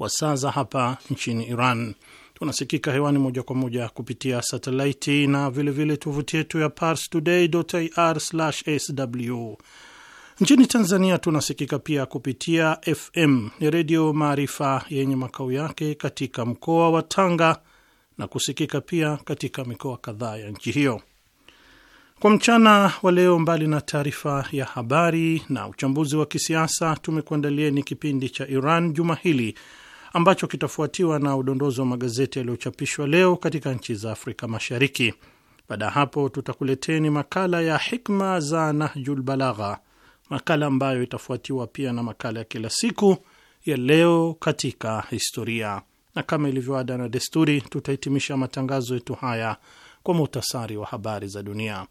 kwa saa za hapa nchini Iran. Tunasikika hewani moja kwa moja kupitia satelaiti na vilevile tovuti yetu ya parstoday.ir/sw. Nchini Tanzania tunasikika pia kupitia FM ni Redio Maarifa yenye makao yake katika mkoa wa Tanga na kusikika pia katika mikoa kadhaa ya nchi hiyo. Kwa mchana wa leo, mbali na taarifa ya habari na uchambuzi wa kisiasa, tumekuandalieni kipindi cha Iran juma hili ambacho kitafuatiwa na udondozi wa magazeti yaliyochapishwa leo katika nchi za Afrika Mashariki. Baada ya hapo, tutakuleteni makala ya hikma za Nahjul Balagha, makala ambayo itafuatiwa pia na makala ya kila siku ya leo katika historia, na kama ilivyoada na desturi, tutahitimisha matangazo yetu haya kwa muhtasari wa habari za dunia.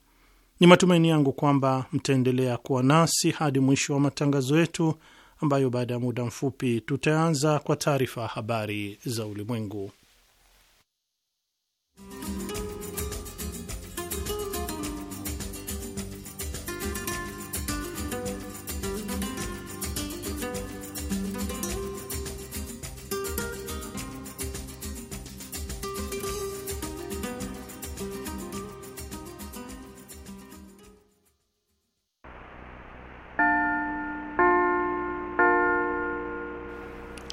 Ni matumaini yangu kwamba mtaendelea kuwa nasi hadi mwisho wa matangazo yetu ambayo baada ya muda mfupi tutaanza kwa taarifa ya habari za ulimwengu.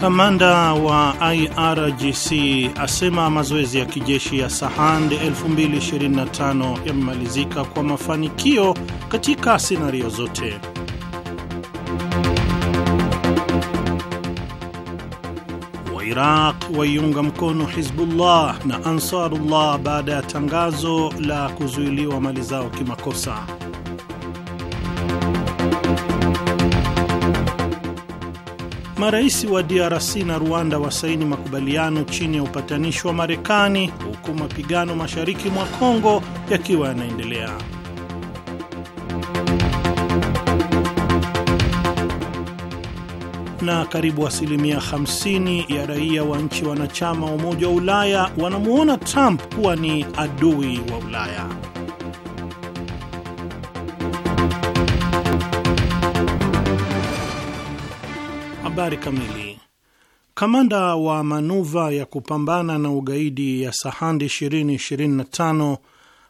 Kamanda wa IRGC asema mazoezi ya kijeshi ya Sahand 2025 yamemalizika kwa mafanikio katika senario zote. Wairaq waiunga mkono Hizbullah na Ansarullah baada ya tangazo la kuzuiliwa mali zao kimakosa. Marais wa DRC na Rwanda wasaini makubaliano chini ya upatanishi wa Marekani, huku mapigano mashariki mwa Kongo yakiwa yanaendelea. Na karibu asilimia 50 ya raia wa nchi wanachama wa Umoja wa Ulaya wanamuona Trump kuwa ni adui wa Ulaya. Habari kamili. Kamanda wa manuva ya kupambana na ugaidi ya Sahandi 2025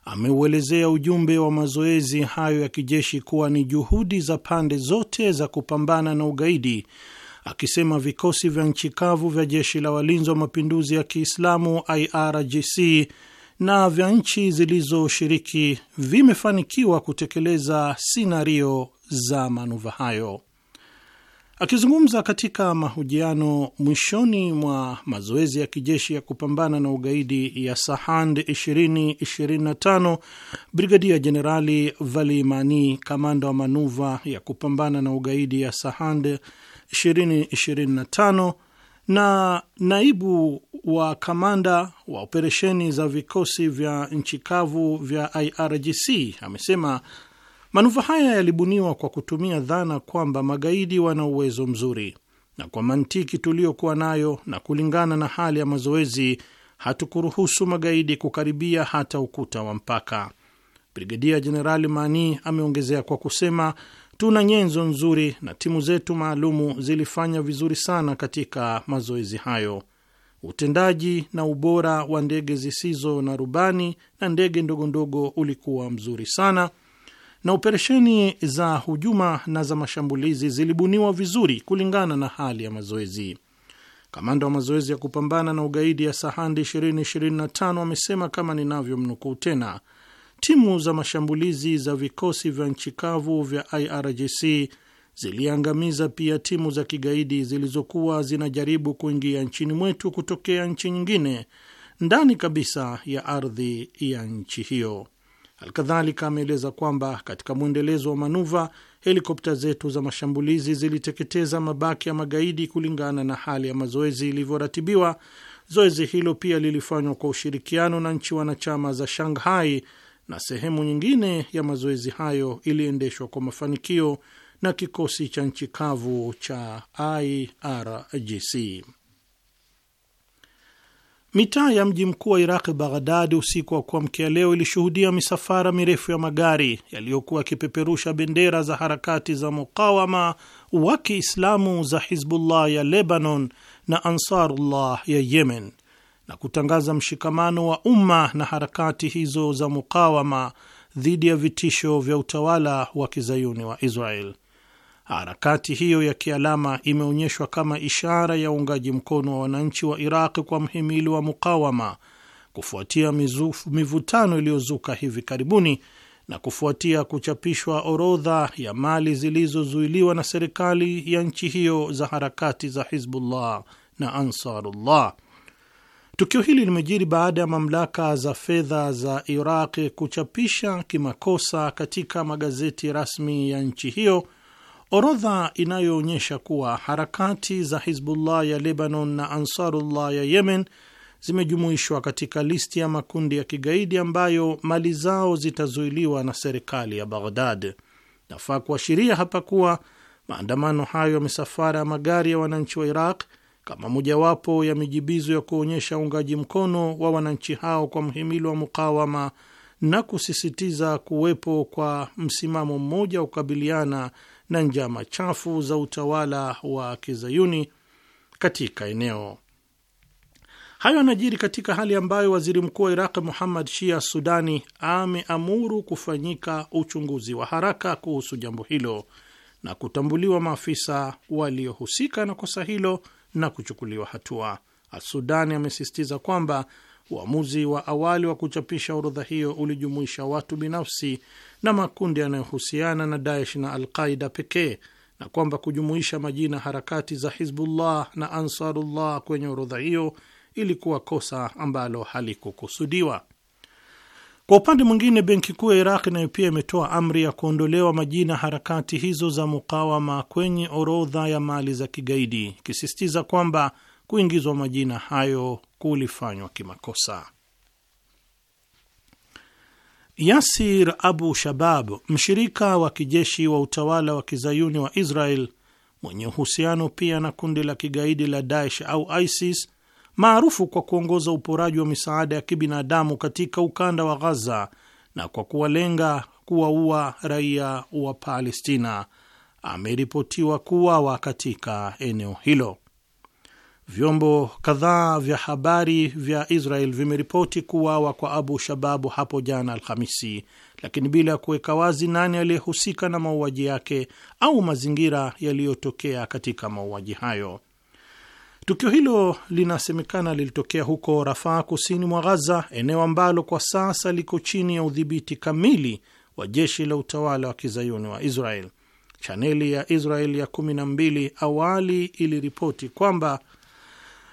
ameuelezea ujumbe wa mazoezi hayo ya kijeshi kuwa ni juhudi za pande zote za kupambana na ugaidi, akisema vikosi vya nchi kavu vya jeshi la walinzi wa mapinduzi ya Kiislamu IRGC na vya nchi zilizoshiriki vimefanikiwa kutekeleza sinario za manuva hayo. Akizungumza katika mahojiano mwishoni mwa mazoezi ya kijeshi ya kupambana na ugaidi ya Sahand 2025 Brigadia Jenerali Valimani, kamanda wa manuva ya kupambana na ugaidi ya Sahand 2025 na naibu wa kamanda wa operesheni za vikosi vya nchi kavu vya IRGC amesema Manuva haya yalibuniwa kwa kutumia dhana kwamba magaidi wana uwezo mzuri, na kwa mantiki tuliyokuwa nayo na kulingana na hali ya mazoezi, hatukuruhusu magaidi kukaribia hata ukuta wa mpaka. Brigedia Jenerali Mani ameongezea kwa kusema, tuna nyenzo nzuri na timu zetu maalumu zilifanya vizuri sana katika mazoezi hayo. Utendaji na ubora wa ndege zisizo na rubani na ndege ndogondogo ulikuwa mzuri sana na operesheni za hujuma na za mashambulizi zilibuniwa vizuri kulingana na hali ya mazoezi. Kamanda wa mazoezi ya kupambana na ugaidi ya Sahandi 2025 amesema kama ninavyomnukuu tena, timu za mashambulizi za vikosi vya nchi kavu vya IRGC ziliangamiza pia timu za kigaidi zilizokuwa zinajaribu kuingia nchini mwetu kutokea nchi nyingine ndani kabisa ya ardhi ya nchi hiyo. Alkadhalika ameeleza kwamba katika mwendelezo wa manuva, helikopta zetu za mashambulizi ziliteketeza mabaki ya magaidi kulingana na hali ya mazoezi ilivyoratibiwa. Zoezi hilo pia lilifanywa kwa ushirikiano na nchi wanachama za Shanghai na sehemu nyingine ya mazoezi hayo iliendeshwa kwa mafanikio na kikosi cha nchi kavu cha IRGC. Mitaa ya mji mkuu wa Iraq Baghdad usiku wa kuamkia leo ilishuhudia misafara mirefu ya magari yaliyokuwa yakipeperusha bendera za harakati za mukawama wa Kiislamu za Hizbullah ya Lebanon na Ansarullah ya Yemen na kutangaza mshikamano wa umma na harakati hizo za mukawama dhidi ya vitisho vya utawala wa kizayuni wa Israel. Harakati hiyo ya kialama imeonyeshwa kama ishara ya uungaji mkono wa wananchi wa Iraq kwa mhimili wa mukawama kufuatia mizufu, mivutano iliyozuka hivi karibuni na kufuatia kuchapishwa orodha ya mali zilizozuiliwa na serikali ya nchi hiyo za harakati za Hizbullah na Ansarullah. Tukio hili limejiri baada ya mamlaka za fedha za Iraq kuchapisha kimakosa katika magazeti rasmi ya nchi hiyo Orodha inayoonyesha kuwa harakati za Hizbullah ya Lebanon na Ansarullah ya Yemen zimejumuishwa katika listi ya makundi ya kigaidi ambayo mali zao zitazuiliwa na serikali ya Baghdad. Nafaa kuashiria hapa kuwa maandamano hayo ya misafara ya magari ya wananchi wa Iraq kama mojawapo ya mijibizo ya kuonyesha uungaji mkono wa wananchi hao kwa mhimili wa mukawama na kusisitiza kuwepo kwa msimamo mmoja wa kukabiliana na njama chafu za utawala wa kizayuni katika eneo. Hayo anajiri katika hali ambayo waziri mkuu wa Iraq Muhammad Shia Sudani ameamuru kufanyika uchunguzi wa haraka kuhusu jambo hilo na kutambuliwa maafisa waliohusika na kosa hilo na kuchukuliwa hatua. Asudani amesisitiza kwamba uamuzi wa awali wa kuchapisha orodha hiyo ulijumuisha watu binafsi na makundi yanayohusiana na Daesh na Alqaida pekee na kwamba kujumuisha majina harakati za Hizbullah na Ansarullah kwenye orodha hiyo ilikuwa kosa ambalo halikukusudiwa. Kwa upande mwingine, benki kuu ya Iraq nayo pia imetoa amri ya kuondolewa majina harakati hizo za mukawama kwenye orodha ya mali za kigaidi, ikisisitiza kwamba kuingizwa majina hayo kulifanywa kimakosa. Yasir Abu Shabab, mshirika wa kijeshi wa utawala wa kizayuni wa Israel mwenye uhusiano pia na kundi la kigaidi la Daesh au ISIS maarufu kwa kuongoza uporaji wa misaada ya kibinadamu katika ukanda wa Ghaza na kwa kuwalenga kuwaua raia wa Palestina, ameripotiwa kuuawa katika eneo hilo. Vyombo kadhaa vya habari vya Israel vimeripoti kuuawa kwa Abu Shababu hapo jana Alhamisi, lakini bila ya kuweka wazi nani aliyehusika na mauaji yake au mazingira yaliyotokea katika mauaji hayo. Tukio hilo linasemekana lilitokea huko Rafaa, kusini mwa Ghaza, eneo ambalo kwa sasa liko chini ya udhibiti kamili wa jeshi la utawala wa kizayuni wa Israel. Chaneli ya Israel ya 12 awali iliripoti kwamba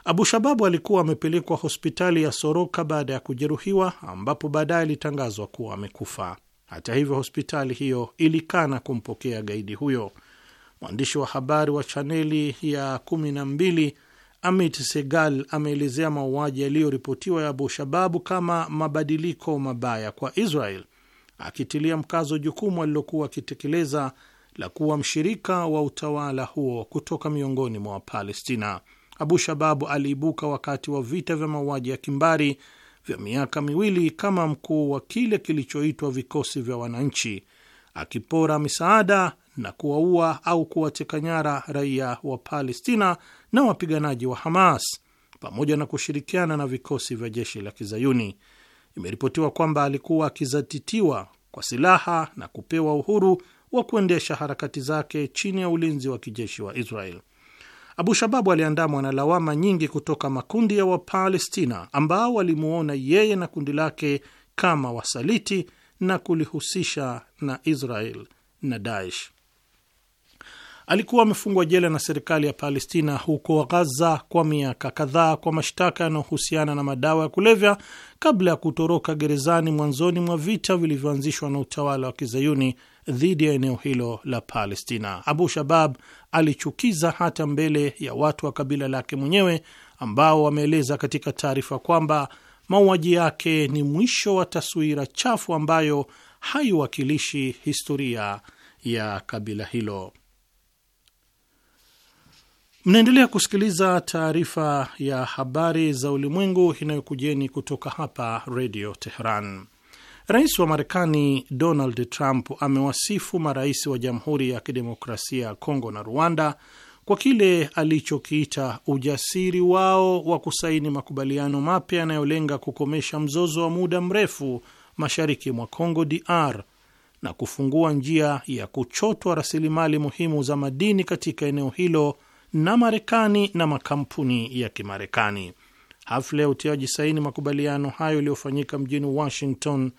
Abu Shababu alikuwa amepelekwa hospitali ya Soroka baada ya kujeruhiwa, ambapo baadaye alitangazwa kuwa amekufa. Hata hivyo, hospitali hiyo ilikana kumpokea gaidi huyo. Mwandishi wa habari wa chaneli ya 12 Amit Segal ameelezea mauaji yaliyoripotiwa ya Abu Shababu kama mabadiliko mabaya kwa Israel, akitilia mkazo jukumu alilokuwa akitekeleza la kuwa mshirika wa utawala huo kutoka miongoni mwa Wapalestina. Abu Shababu aliibuka wakati wa vita vya mauaji ya kimbari vya miaka miwili kama mkuu wa kile kilichoitwa vikosi vya wananchi, akipora misaada na kuwaua au kuwateka nyara raia wa Palestina na wapiganaji wa Hamas pamoja na kushirikiana na vikosi vya jeshi la Kizayuni. Imeripotiwa kwamba alikuwa akizatitiwa kwa silaha na kupewa uhuru wa kuendesha harakati zake chini ya ulinzi wa kijeshi wa Israel. Abu Shababu aliandamwa na lawama nyingi kutoka makundi ya Wapalestina ambao walimuona yeye na kundi lake kama wasaliti na kulihusisha na Israel na Daesh. Alikuwa amefungwa jela na serikali ya Palestina huko Ghaza kwa miaka kadhaa kwa mashtaka yanayohusiana na madawa ya kulevya kabla ya kutoroka gerezani mwanzoni mwa vita vilivyoanzishwa na utawala wa kizayuni dhidi ya eneo hilo la Palestina. Abu Shabab alichukiza hata mbele ya watu wa kabila lake mwenyewe ambao wameeleza katika taarifa kwamba mauaji yake ni mwisho wa taswira chafu ambayo haiwakilishi historia ya kabila hilo. Mnaendelea kusikiliza taarifa ya habari za ulimwengu inayokujeni kutoka hapa Redio Teheran. Rais wa Marekani Donald Trump amewasifu marais wa Jamhuri ya Kidemokrasia ya Kongo na Rwanda kwa kile alichokiita ujasiri wao wa kusaini makubaliano mapya yanayolenga kukomesha mzozo wa muda mrefu mashariki mwa Kongo DR na kufungua njia ya kuchotwa rasilimali muhimu za madini katika eneo hilo na Marekani na makampuni ya Kimarekani. Hafla ya utiaji saini makubaliano hayo iliyofanyika mjini Washington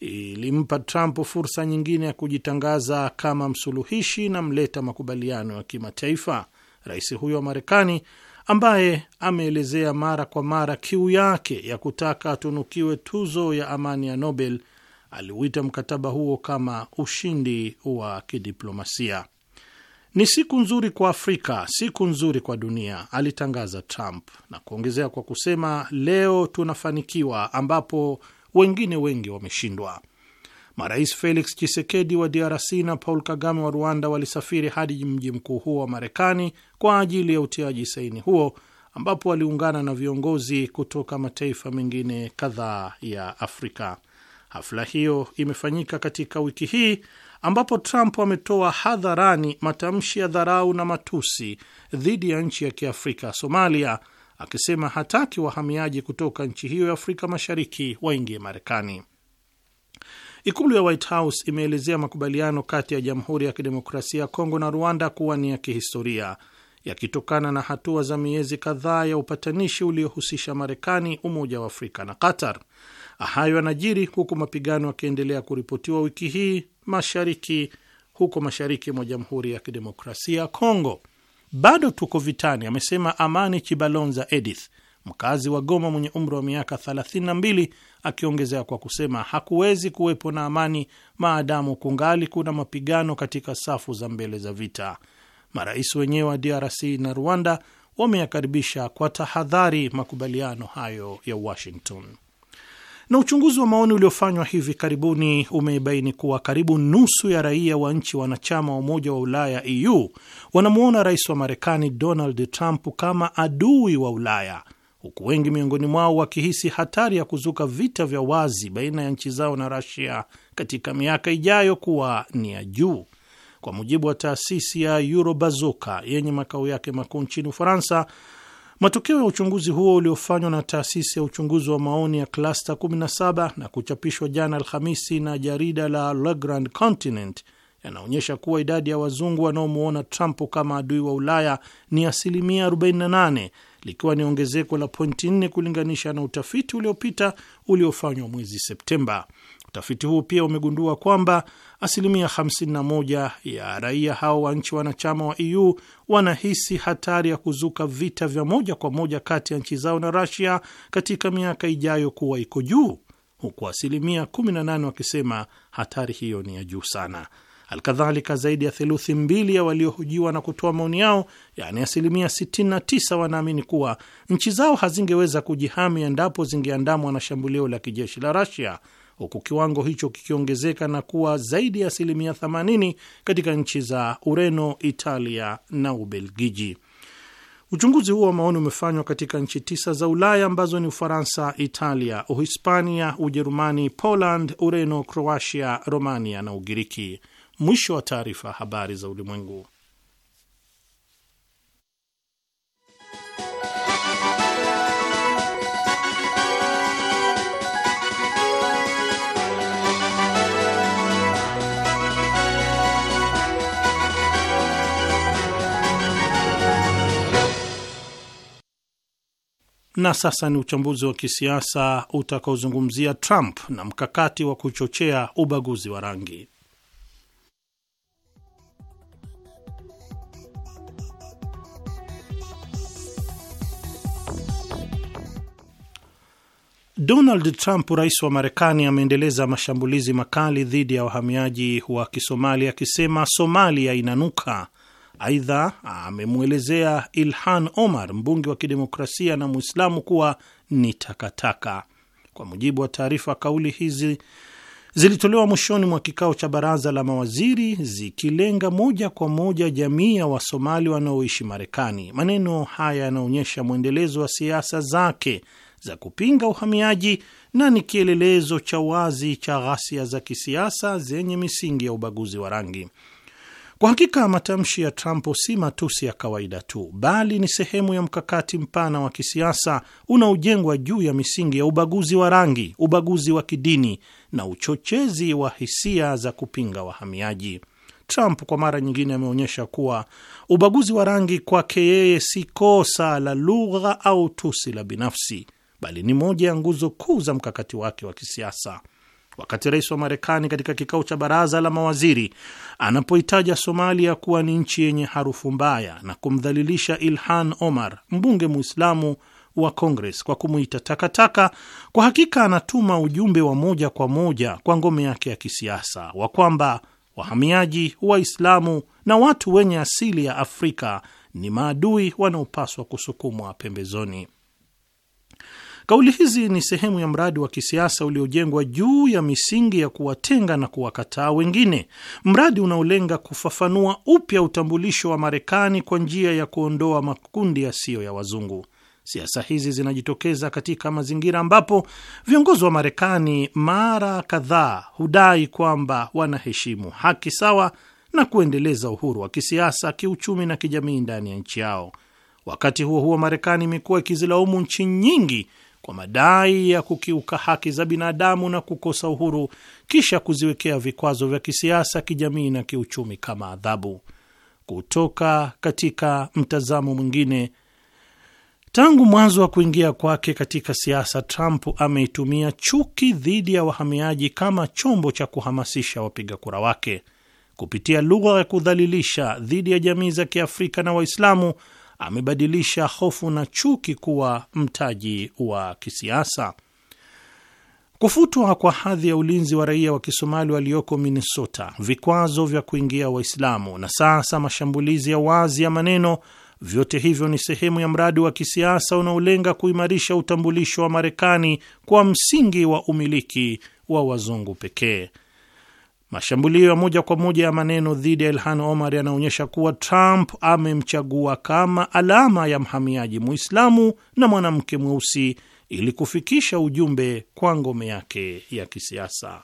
ilimpa Trump fursa nyingine ya kujitangaza kama msuluhishi na mleta makubaliano ya kimataifa. Rais huyo wa Marekani ambaye ameelezea mara kwa mara kiu yake ya kutaka atunukiwe tuzo ya amani ya Nobel aliuita mkataba huo kama ushindi wa kidiplomasia. Ni siku nzuri kwa Afrika, siku nzuri kwa dunia, alitangaza Trump na kuongezea kwa kusema, leo tunafanikiwa ambapo wengine wengi wameshindwa. Marais Felix Chisekedi wa DRC na Paul Kagame wa Rwanda walisafiri hadi mji mkuu huo wa Marekani kwa ajili ya utiaji saini huo, ambapo waliungana na viongozi kutoka mataifa mengine kadhaa ya Afrika. Hafla hiyo imefanyika katika wiki hii ambapo Trump ametoa hadharani matamshi ya dharau na matusi dhidi ya nchi ya kiafrika Somalia akisema hataki wahamiaji kutoka nchi hiyo ya Afrika Mashariki waingie Marekani. Ikulu ya White House imeelezea makubaliano kati ya Jamhuri ya Kidemokrasia ya Kongo na Rwanda kuwa ni ya kihistoria, yakitokana na hatua za miezi kadhaa ya upatanishi uliohusisha Marekani, Umoja wa Afrika na Qatar. Hayo yanajiri huku mapigano yakiendelea kuripotiwa wiki hii mashariki huko mashariki mwa Jamhuri ya Kidemokrasia ya Kongo bado tuko vitani, amesema Amani Chibalonza Edith, mkazi wa Goma mwenye umri wa miaka 32, akiongezea kwa kusema hakuwezi kuwepo na amani maadamu kungali kuna mapigano katika safu za mbele za vita. Marais wenyewe wa DRC na Rwanda wameyakaribisha kwa tahadhari makubaliano hayo ya Washington. Na uchunguzi wa maoni uliofanywa hivi karibuni umebaini kuwa karibu nusu ya raia wa nchi wanachama wa Umoja wa Ulaya EU wanamwona rais wa Marekani Donald Trump kama adui wa Ulaya, huku wengi miongoni mwao wakihisi hatari ya kuzuka vita vya wazi baina ya nchi zao na rasia katika miaka ijayo kuwa ni ya juu. Kwa mujibu wa taasisi ya Eurobazuka yenye makao yake makuu nchini Ufaransa, Matokeo ya uchunguzi huo uliofanywa na taasisi ya uchunguzi wa maoni ya Klasta 17 na kuchapishwa jana Alhamisi na jarida la Le Grand Continent yanaonyesha kuwa idadi ya wazungu wanaomwona Trump kama adui wa Ulaya ni asilimia 48 likiwa ni ongezeko la pointi 4 kulinganisha na utafiti uliopita uliofanywa mwezi Septemba. Utafiti huu pia umegundua kwamba asilimia 51 ya raia hao wa nchi wanachama wa EU wanahisi hatari ya kuzuka vita vya moja kwa moja kati ya nchi zao na rasia katika miaka ijayo kuwa iko juu, huku asilimia 18 wakisema hatari hiyo ni ya juu sana. Alkadhalika, zaidi ya theluthi mbili ya waliohojiwa na kutoa maoni yao, yaani asilimia 69, wanaamini kuwa nchi zao hazingeweza kujihami endapo zingeandamwa na shambulio la kijeshi la rasia huku kiwango hicho kikiongezeka na kuwa zaidi ya asilimia 80 katika nchi za Ureno, Italia na Ubelgiji. Uchunguzi huo wa maoni umefanywa katika nchi tisa za Ulaya ambazo ni Ufaransa, Italia, Uhispania, Ujerumani, Poland, Ureno, croatia Romania na Ugiriki. Mwisho wa taarifa. Habari za Ulimwengu. Na sasa ni uchambuzi wa kisiasa utakaozungumzia Trump na mkakati wa kuchochea ubaguzi wa rangi. Donald Trump, rais wa Marekani, ameendeleza mashambulizi makali dhidi ya wahamiaji wa Kisomalia akisema Somalia inanuka Aidha, amemwelezea Ilhan Omar, mbunge wa kidemokrasia na Mwislamu, kuwa ni takataka. Kwa mujibu wa taarifa, kauli hizi zilitolewa mwishoni mwa kikao cha baraza la mawaziri zikilenga moja kwa moja jamii ya Wasomali wanaoishi Marekani. Maneno haya yanaonyesha mwendelezo wa siasa zake za kupinga uhamiaji na ni kielelezo cha wazi cha ghasia za kisiasa zenye misingi ya ubaguzi wa rangi. Kwa hakika matamshi ya Trump si matusi ya kawaida tu, bali ni sehemu ya mkakati mpana wa kisiasa unaojengwa juu ya misingi ya ubaguzi wa rangi, ubaguzi wa kidini na uchochezi wa hisia za kupinga wahamiaji. Trump kwa mara nyingine ameonyesha kuwa ubaguzi wa rangi kwake yeye si kosa la lugha au tusi la binafsi, bali ni moja ya nguzo kuu za mkakati wake wa kisiasa wakati rais wa Marekani katika kikao cha baraza la mawaziri anapoitaja Somalia kuwa ni nchi yenye harufu mbaya na kumdhalilisha Ilhan Omar, mbunge Muislamu wa Congress, kwa kumuita takataka, kwa hakika anatuma ujumbe wa moja kwa moja kwa ngome yake ya kisiasa wa kwamba wahamiaji, Waislamu na watu wenye asili ya Afrika ni maadui wanaopaswa kusukumwa pembezoni. Kauli hizi ni sehemu ya mradi wa kisiasa uliojengwa juu ya misingi ya kuwatenga na kuwakataa wengine, mradi unaolenga kufafanua upya utambulisho wa Marekani kwa njia ya kuondoa makundi yasiyo ya wazungu. Siasa hizi zinajitokeza katika mazingira ambapo viongozi wa Marekani mara kadhaa hudai kwamba wanaheshimu haki sawa na kuendeleza uhuru wa kisiasa, kiuchumi na kijamii ndani ya nchi yao. Wakati huo huo, Marekani imekuwa ikizilaumu nchi nyingi kwa madai ya kukiuka haki za binadamu na kukosa uhuru, kisha kuziwekea vikwazo vya kisiasa, kijamii na kiuchumi kama adhabu. Kutoka katika mtazamo mwingine, tangu mwanzo wa kuingia kwake katika siasa, Trump ameitumia chuki dhidi ya wahamiaji kama chombo cha kuhamasisha wapiga kura wake kupitia lugha ya kudhalilisha dhidi ya jamii za Kiafrika na Waislamu amebadilisha hofu na chuki kuwa mtaji wa kisiasa. Kufutwa kwa hadhi ya ulinzi wa raia wa Kisomali walioko Minnesota, vikwazo vya kuingia Waislamu na sasa mashambulizi ya wazi ya maneno, vyote hivyo ni sehemu ya mradi wa kisiasa unaolenga kuimarisha utambulisho wa Marekani kwa msingi wa umiliki wa wazungu pekee. Mashambulio ya moja kwa moja ya maneno dhidi ya Ilhan Omar yanaonyesha kuwa Trump amemchagua kama alama ya mhamiaji Muislamu na mwanamke mweusi ili kufikisha ujumbe kwa ngome yake ya kisiasa.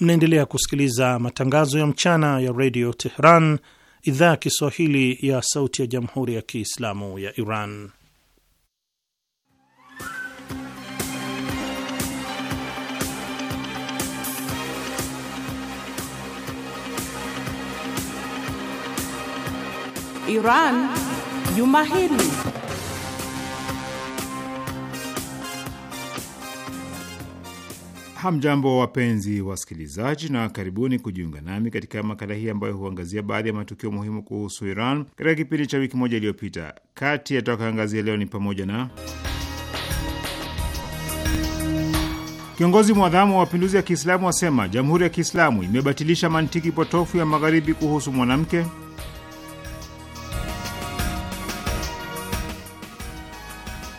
Mnaendelea kusikiliza matangazo ya mchana ya redio Tehran, idhaa ya Kiswahili ya Sauti ya Jamhuri ya Kiislamu ya Iran. Iran Juma Hili. Hamjambo, wapenzi wasikilizaji, na karibuni kujiunga nami katika makala hii ambayo huangazia baadhi ya matukio muhimu kuhusu Iran katika kipindi cha wiki moja iliyopita. Kati ya tutakaangazia leo ni pamoja na kiongozi mwadhamu wa mapinduzi ya Kiislamu asema Jamhuri ya Kiislamu imebatilisha mantiki potofu ya Magharibi kuhusu mwanamke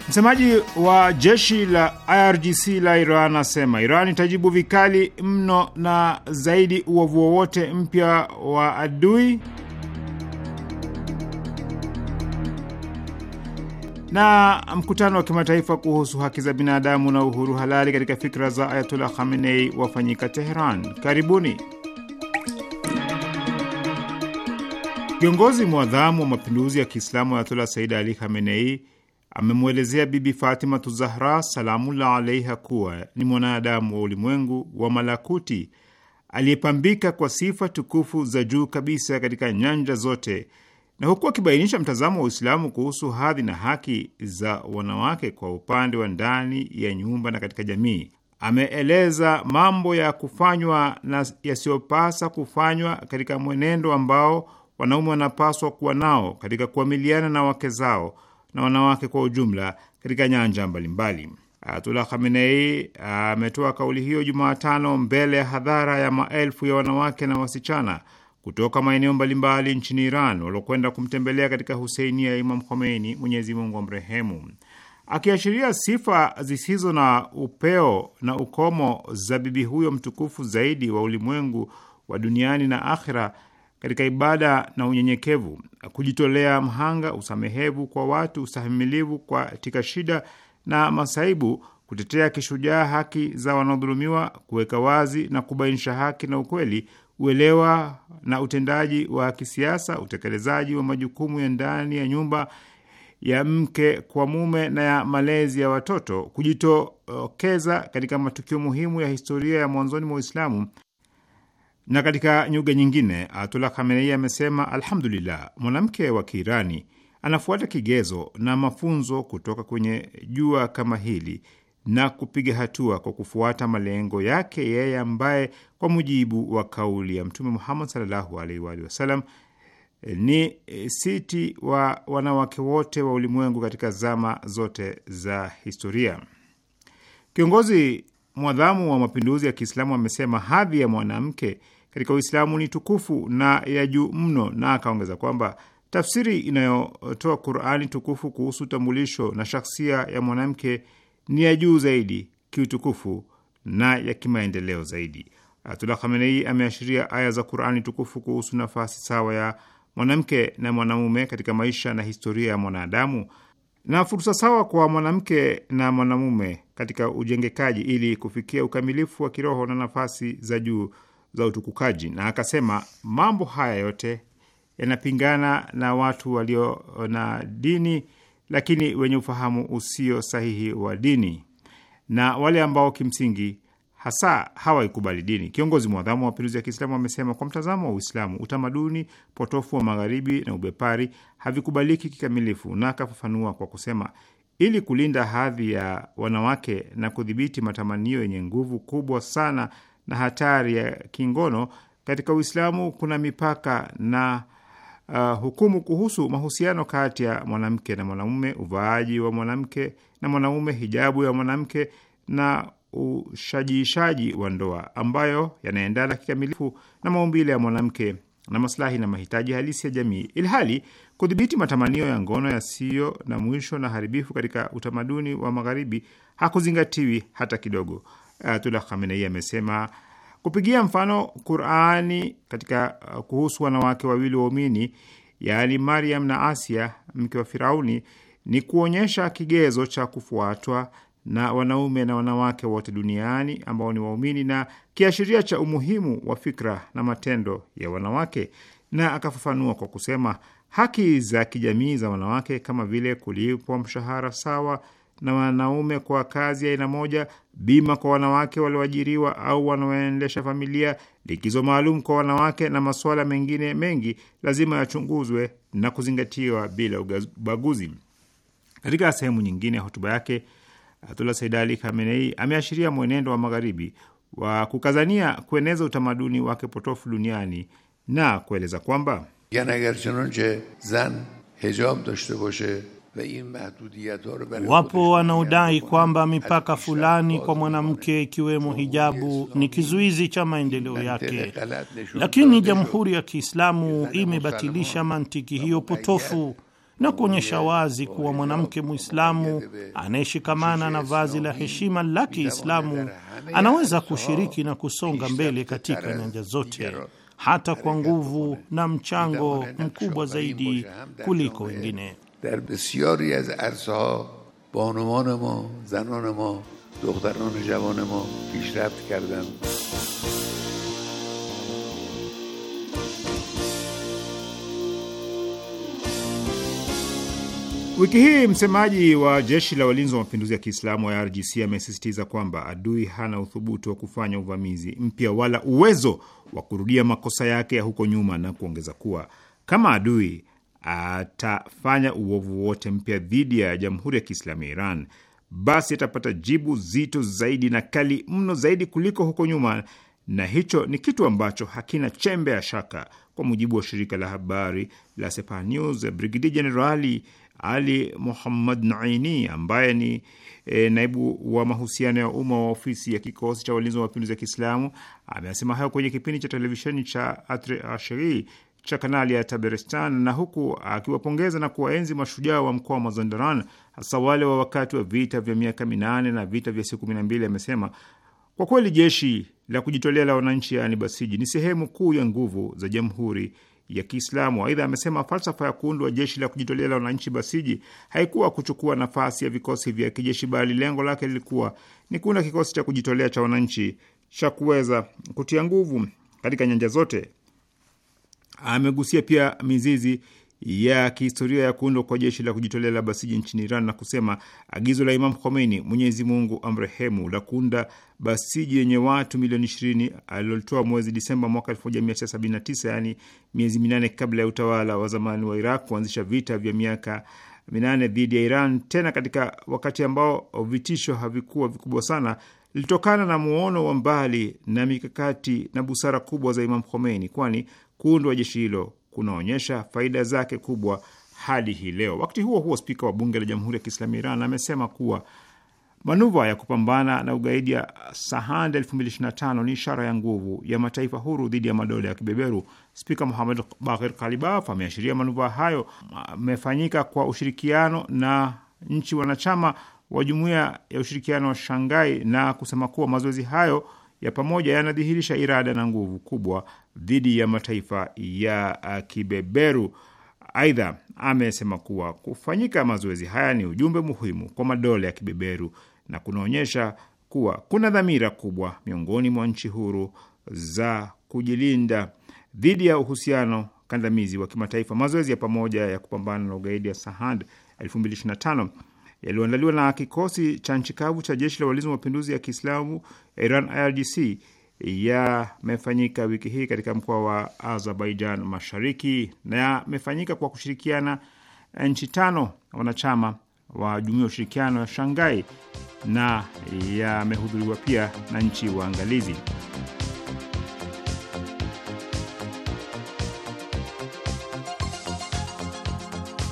Msemaji wa jeshi la IRGC la Iran anasema Iran itajibu vikali mno na zaidi uovu wowote mpya wa adui. na mkutano wa kimataifa kuhusu haki za binadamu na uhuru halali katika fikra za ayatullah Khamenei wafanyika Teheran. Karibuni. Kiongozi mwadhamu wa mapinduzi ya Kiislamu ayatullah Said Ali Khamenei amemwelezea Bibi Fatimatu Zahra salamullah alaiha kuwa ni mwanadamu wa ulimwengu wa malakuti aliyepambika kwa sifa tukufu za juu kabisa katika nyanja zote, na huku akibainisha mtazamo wa Uislamu kuhusu hadhi na haki za wanawake kwa upande wa ndani ya nyumba na katika jamii. Ameeleza mambo ya kufanywa na yasiyopasa kufanywa katika mwenendo ambao wanaume wanapaswa kuwa nao katika kuamiliana na wake zao na wanawake kwa ujumla katika nyanja mbalimbali. Ayatullah Khamenei ametoa kauli hiyo Jumatano mbele ya hadhara ya maelfu ya wanawake na wasichana kutoka maeneo mbalimbali nchini Iran waliokwenda kumtembelea katika Huseini ya Imam Khomeini, Mwenyezi Mungu amrehemu. Akiashiria sifa zisizo na upeo na ukomo za bibi huyo mtukufu zaidi wa ulimwengu wa duniani na akhira, katika ibada na unyenyekevu, kujitolea mhanga, usamehevu kwa watu, ustahimilivu katika shida na masaibu, kutetea kishujaa haki za wanaodhulumiwa, kuweka wazi na kubainisha haki na ukweli, uelewa na utendaji wa kisiasa, utekelezaji wa majukumu ya ndani ya nyumba ya mke kwa mume na ya malezi ya watoto, kujitokeza katika matukio muhimu ya historia ya mwanzoni mwa Uislamu na katika nyuga nyingine, Ayatullah Khamenei amesema alhamdulillah, mwanamke wa Kiirani anafuata kigezo na mafunzo kutoka kwenye jua kama hili na kupiga hatua kwa kufuata malengo yake yeye, ambaye kwa mujibu wa kauli ya Mtume Muhammad sallallahu alaihi wa alihi wasallam ni e, siti wa wanawake wote wa ulimwengu katika zama zote za historia. Kiongozi mwadhamu wa mapinduzi ya Kiislamu amesema hadhi ya mwanamke katika Uislamu ni tukufu na ya juu mno, na akaongeza kwamba tafsiri inayotoa Qurani tukufu kuhusu utambulisho na shaksia ya mwanamke ni ya juu zaidi kiutukufu na ya kimaendeleo zaidi. Ayatullah Khamenei ameashiria aya za Qurani tukufu kuhusu nafasi sawa ya mwanamke na mwanamume katika maisha na historia ya mwanadamu na fursa sawa kwa mwanamke na mwanamume katika ujengekaji ili kufikia ukamilifu wa kiroho na nafasi za juu za utukukaji, na akasema mambo haya yote yanapingana na watu walio na dini lakini wenye ufahamu usio sahihi wa dini na wale ambao kimsingi hasa hawaikubali dini. Kiongozi mwadhamu wa mapinduzi ya Kiislamu amesema kwa mtazamo wa Uislamu, utamaduni potofu wa magharibi na ubepari havikubaliki kikamilifu, na akafafanua kwa kusema, ili kulinda hadhi ya wanawake na kudhibiti matamanio yenye nguvu kubwa sana na hatari ya kingono katika Uislamu kuna mipaka na uh, hukumu kuhusu mahusiano kati ya mwanamke na mwanamume, uvaaji wa mwanamke na mwanaume, hijabu ya mwanamke na ushajiishaji wa ndoa, ambayo yanaendana kikamilifu na maumbile ya mwanamke na maslahi na mahitaji halisi ya jamii, ilhali kudhibiti matamanio ya ngono yasiyo na mwisho na haribifu katika utamaduni wa Magharibi hakuzingatiwi hata kidogo. Eh, Ayatullah Khamenei amesema kupigia mfano Qurani katika eh, kuhusu wanawake wawili waumini, yaani Mariam na Asia mke wa Firauni, ni kuonyesha kigezo cha kufuatwa na wanaume na wanawake wote duniani ambao ni waumini na kiashiria cha umuhimu wa fikra na matendo ya wanawake. Na akafafanua kwa kusema haki za kijamii za wanawake kama vile kulipwa mshahara sawa na wanaume kwa kazi ya aina moja, bima kwa wanawake walioajiriwa au wanaoendesha familia, likizo maalum kwa wanawake na masuala mengine mengi lazima yachunguzwe na kuzingatiwa bila ubaguzi. Katika sehemu nyingine ya hotuba yake, Ayatullah Said Ali Khamenei ameashiria mwenendo wa Magharibi wa kukazania kueneza utamaduni wake potofu duniani na kueleza kwamba yan agar chanonche zan hijab boshe Wapo wanaodai kwamba mipaka fulani kwa mwanamke ikiwemo hijabu ni kizuizi cha maendeleo yake, lakini Jamhuri ya Kiislamu imebatilisha mantiki hiyo potofu na kuonyesha wazi kuwa mwanamke Mwislamu anayeshikamana na vazi la heshima la Kiislamu anaweza kushiriki na kusonga mbele katika nyanja zote, hata kwa nguvu na mchango mkubwa zaidi kuliko wengine. در بسیاری از عرصه ها بانوان ما زنان ما دختران جوان ما پیشرفت کردن Wiki hii msemaji wa jeshi la walinzi wa mapinduzi ya Kiislamu ya IRGC amesisitiza kwamba adui hana uthubutu wa kufanya uvamizi mpya wala uwezo wa kurudia makosa yake ya huko nyuma, na kuongeza kuwa kama adui atafanya uovu wote mpya dhidi ya Jamhuri ya Kiislamu ya Iran, basi atapata jibu zito zaidi na kali mno zaidi kuliko huko nyuma, na hicho ni kitu ambacho hakina chembe ya shaka. Kwa mujibu wa shirika la habari la Sepa News, Jenerali Ali Muhammad Naini ambaye ni e, naibu wa mahusiano ya umma wa ofisi ya kikosi cha walinzi wa mapinduzi ya Kiislamu amesema hayo kwenye kipindi cha televisheni cha Atre Ashiri cha kanali ya Taberestan, na huku akiwapongeza na kuwaenzi mashujaa wa mkoa wa Mazandaran, hasa wale wa wakati wa vita vya miaka minane na vita vya siku kumi na mbili, amesema kwa kweli jeshi la kujitolea la wananchi, yaani Basiji, ni sehemu kuu ya nguvu za jamhuri ya Kiislamu. Aidha, amesema falsafa ya kuundwa jeshi la kujitolea la wananchi Basiji haikuwa kuchukua nafasi ya vikosi vya kijeshi, bali lengo lake lilikuwa ni kuunda kikosi cha kujitolea cha wananchi cha kuweza kutia nguvu katika nyanja zote. Amegusia pia mizizi ya kihistoria ya kuundwa kwa jeshi la kujitolea la Basiji nchini Iran na kusema agizo la Imam Khomeini, Mwenyezi Mungu amrehemu, la kuunda Basiji yenye watu milioni ishirini alilolitoa mwezi Disemba mwaka tisa yaani miezi minane kabla ya utawala wa zamani wa Iraq kuanzisha vita vya miaka minane dhidi ya Iran, tena katika wakati ambao vitisho havikuwa vikubwa sana, lilitokana na muono wa mbali na mikakati na busara kubwa za Imam Khomeini, kwani kuundwa jeshi hilo kunaonyesha faida zake kubwa hadi hii leo. Wakati huo huo, spika wa bunge la Jamhuri ya Kiislamu ya Iran amesema kuwa manuva ya kupambana na ugaidi ya Sahand 2025 ni ishara ya nguvu ya mataifa huru dhidi ya madola ya kibeberu. Spika Muhamed Bahir Kalibaf ameashiria manuva hayo amefanyika kwa ushirikiano na nchi wanachama wa Jumuiya ya Ushirikiano wa Shangai na kusema kuwa mazoezi hayo ya pamoja yanadhihirisha irada na nguvu kubwa dhidi ya mataifa ya uh, kibeberu. Aidha, amesema kuwa kufanyika mazoezi haya ni ujumbe muhimu kwa madola ya kibeberu na kunaonyesha kuwa kuna dhamira kubwa miongoni mwa nchi huru za kujilinda dhidi ya uhusiano kandamizi wa kimataifa. Mazoezi ya pamoja ya kupambana na ugaidi ya Sahand 2025 yaliyoandaliwa na kikosi cha nchi kavu cha jeshi la walinzi wa mapinduzi ya Kiislamu ya Iran IRGC yamefanyika wiki hii katika mkoa wa Azerbaijan Mashariki na yamefanyika kwa kushirikiana nchi tano wanachama wa Jumuiya ya Ushirikiano ya Shangai na yamehudhuriwa pia na nchi waangalizi.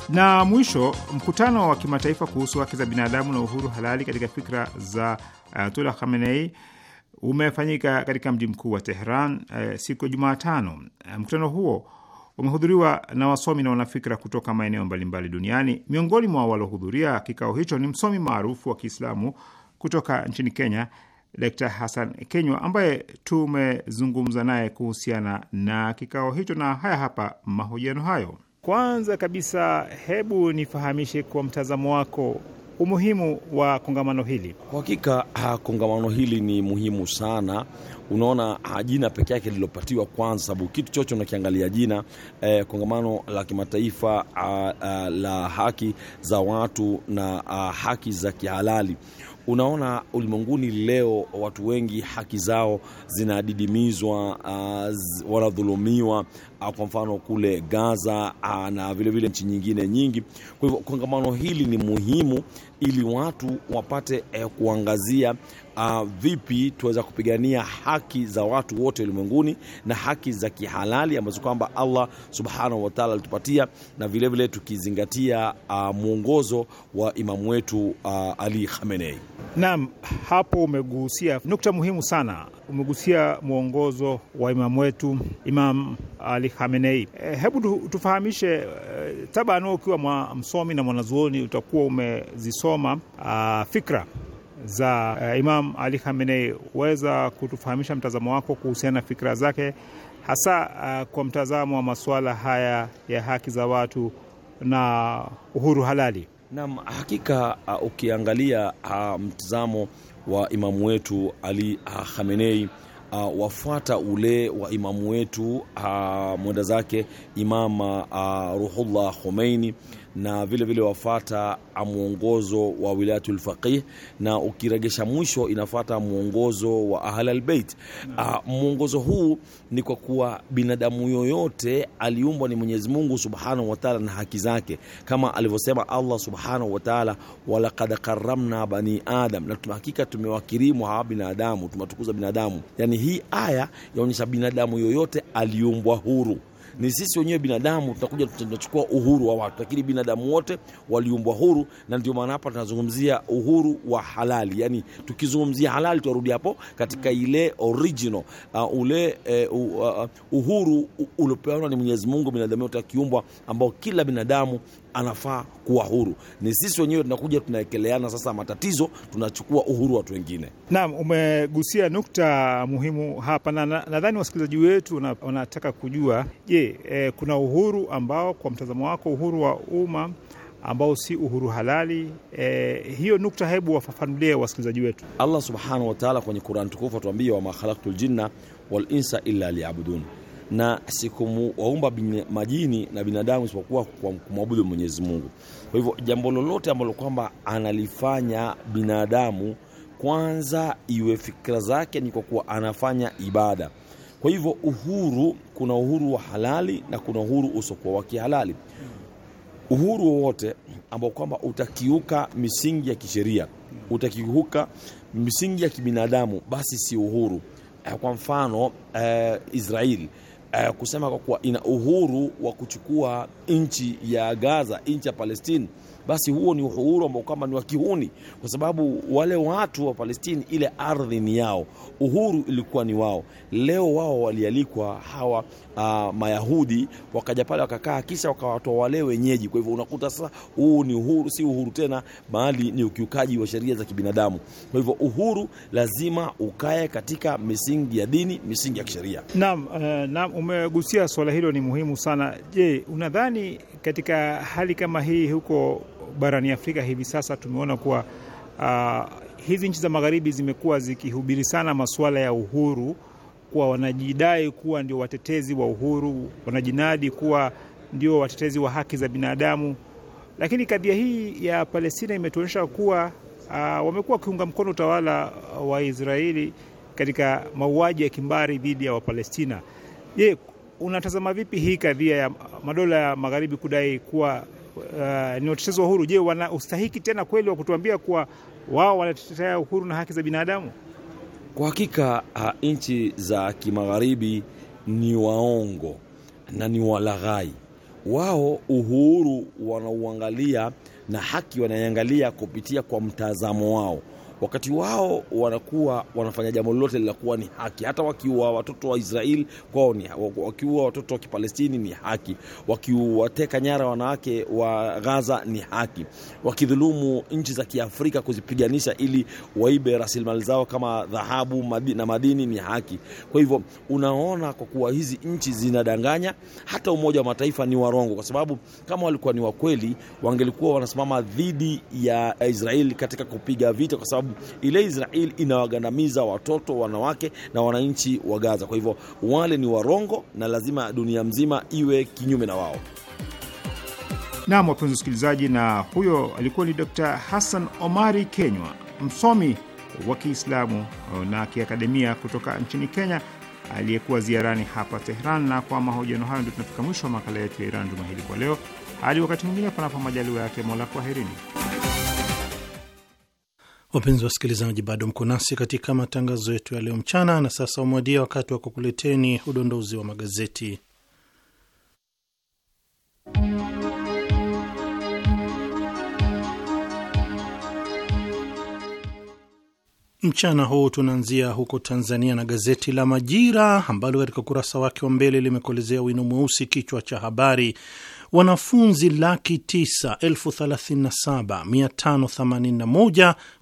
Na mwisho, mkutano wa kimataifa kuhusu haki za binadamu na uhuru halali katika fikra za Ayatullah uh, Khamenei umefanyika katika mji mkuu wa Tehran eh, siku ya Jumatano. Eh, mkutano huo umehudhuriwa na wasomi na wanafikira kutoka maeneo mbalimbali duniani. Miongoni mwa walohudhuria kikao hicho ni msomi maarufu wa Kiislamu kutoka nchini Kenya, d Hassan Kenywa, ambaye tumezungumza naye kuhusiana na kikao hicho, na haya hapa mahojiano hayo. Kwanza kabisa, hebu nifahamishe kwa mtazamo wako umuhimu wa kongamano hili? Kwa hakika ah, kongamano hili ni muhimu sana. Unaona ah, jina peke yake lililopatiwa kwanza, sababu kitu chocho unakiangalia jina eh, kongamano la kimataifa ah, ah, la haki za watu na ah, haki za kihalali. Unaona, ulimwenguni leo watu wengi haki zao zinadidimizwa, uh, wanadhulumiwa uh, kwa mfano kule Gaza uh, na vilevile nchi nyingine nyingi. Kwa hivyo kongamano hili ni muhimu ili watu wapate eh, kuangazia uh, vipi tuweza kupigania haki za watu wote ulimwenguni na haki za kihalali ambazo kwamba Allah subhanahu wa taala alitupatia, na vilevile vile tukizingatia uh, mwongozo wa imamu wetu uh, Ali Khamenei. Naam, hapo umegusia nukta muhimu sana, umegusia mwongozo wa imamu wetu Imam Ali Khamenei. E, hebu tufahamishe e, eh, tabano, ukiwa msomi na mwanazuoni utakuwa umezisoma a, fikra za uh, Imam Ali Khamenei, weza kutufahamisha mtazamo wako kuhusiana na fikira zake hasa uh, kwa mtazamo wa masuala haya ya haki za watu na uhuru halali? Naam, hakika uh, ukiangalia uh, mtazamo wa imamu wetu Ali uh, Khamenei uh, wafuata ule wa imamu wetu uh, mwenda zake Imama uh, Ruhullah Khomeini na vile vile wafata mwongozo wa wilayatul faqih, na ukiregesha mwisho inafata mwongozo wa ahlal bait. Ah, mwongozo huu ni kwa kuwa binadamu yoyote aliumbwa ni Mwenyezi Mungu subhanahu wa taala na haki zake, kama alivyosema Allah subhanahu wa taala, walaqad bani adam, na tumehakika tumewakirimu hawa binadamu, tumatukuza binadamu. Yani hii aya yaonyesha binadamu yoyote aliumbwa huru ni sisi wenyewe binadamu tutakuja tunachukua uhuru wa watu, lakini binadamu wote waliumbwa huru, na ndio maana hapa tunazungumzia uhuru wa halali. Yani tukizungumzia halali, tuarudi hapo katika ile original uh, ule eh, uh, uh, uhuru uliopeanwa ni Mwenyezi Mungu binadamu wote akiumbwa, ambao kila binadamu anafaa kuwa huru. Ni sisi wenyewe tunakuja tunaekeleana sasa matatizo, tunachukua uhuru watu wengine. Naam, umegusia nukta muhimu hapa, na nadhani na wasikilizaji wetu wanataka kujua, je, e, kuna uhuru ambao kwa mtazamo wako uhuru wa umma ambao si uhuru halali e, hiyo nukta, hebu wafafanulie wasikilizaji wetu. Allah subhanahu wataala kwenye Qur'an tukufu atuambia wama khalaqtul jinna illa liyabudun na sikuwaumba majini na binadamu isipokuwa kwa kumwabudu Mwenyezi Mungu. Kwa hivyo jambo lolote ambalo kwamba analifanya binadamu, kwanza iwe fikra zake ni kwa kuwa anafanya ibada. Kwa hivyo uhuru, kuna uhuru wa halali na kuna uhuru usiokuwa wa kihalali. Uhuru wowote ambao kwamba utakiuka misingi ya kisheria, utakiuka misingi ya kibinadamu, basi si uhuru. Eh, kwa mfano eh, Israeli uh, kusema kwa kuwa ina uhuru wa kuchukua nchi ya Gaza, nchi ya Palestine, basi huo ni uhuru ambao kama ni wa kihuni, kwa sababu wale watu wa Palestine, ile ardhi ni yao, uhuru ilikuwa ni wao. Leo wao walialikwa hawa uh, Mayahudi wakaja pale wakakaa, kisha wakawatoa wale wenyeji. Kwa hivyo unakuta sasa huu ni uhuru, si uhuru tena, bali ni ukiukaji wa sheria za kibinadamu. Kwa hivyo uhuru lazima ukae katika misingi ya dini, misingi ya kisheria. Naam, uh, naam, umegusia swala hilo, ni muhimu sana. Je, unadhani katika hali kama hii huko barani Afrika hivi sasa tumeona kuwa uh, hizi nchi za magharibi zimekuwa zikihubiri sana masuala ya uhuru kuwa wanajidai kuwa ndio watetezi wa uhuru, wanajinadi kuwa ndio watetezi wa haki za binadamu, lakini kadhia hii ya Palestina imetuonyesha kuwa uh, wamekuwa wakiunga mkono utawala wa Israeli katika mauaji ya kimbari dhidi ya Wapalestina. Je, unatazama vipi hii kadhia ya madola ya magharibi kudai kuwa uh, ni watetezi wa uhuru? Je, wana ustahiki tena kweli wa kutuambia kuwa wao wanatetea uhuru na haki za binadamu? Kwa hakika ah, nchi za kimagharibi ni waongo na ni walaghai. Wao uhuru wanauangalia na haki wanaiangalia kupitia kwa mtazamo wao wakati wao wanakuwa wanafanya jambo lolote linakuwa ni haki. Hata wakiua watoto wa Israel kwao ni wakiua watoto wa Kipalestini ni haki, wakiwateka nyara wanawake wa Gaza ni haki, wakidhulumu nchi za Kiafrika kuzipiganisha ili waibe rasilimali zao kama dhahabu na madini ni haki. Kwa hivyo unaona, kwa kuwa hizi nchi zinadanganya, hata Umoja wa Mataifa ni warongo, kwa sababu kama walikuwa ni wakweli wangelikuwa wanasimama dhidi ya israel katika kupiga vita, kwa sababu sababu ile Israeli inawagandamiza watoto, wanawake na wananchi wa Gaza. Kwa hivyo wale ni warongo na lazima dunia mzima iwe kinyume na wao. Naam, wapenzi wasikilizaji, na huyo alikuwa ni Dr. Hassan Omari Kenywa, msomi wa Kiislamu na kiakademia kutoka nchini Kenya aliyekuwa ziarani hapa Tehran. Na kwa mahojiano hayo ndio tunafika mwisho wa makala yetu ya Iran juma hili kwa leo. Hadi wakati mwingine, panapo majaliwa yake Mola, kwaherini. Wapenzi wasikilizaji, bado mko nasi katika matangazo yetu ya leo mchana, na sasa umewadia wakati wa kukuleteni udondozi wa magazeti. Mchana huu tunaanzia huko Tanzania na gazeti la Majira ambalo katika ukurasa wake wa mbele limekolezea wino mweusi kichwa cha habari wanafunzi laki tisa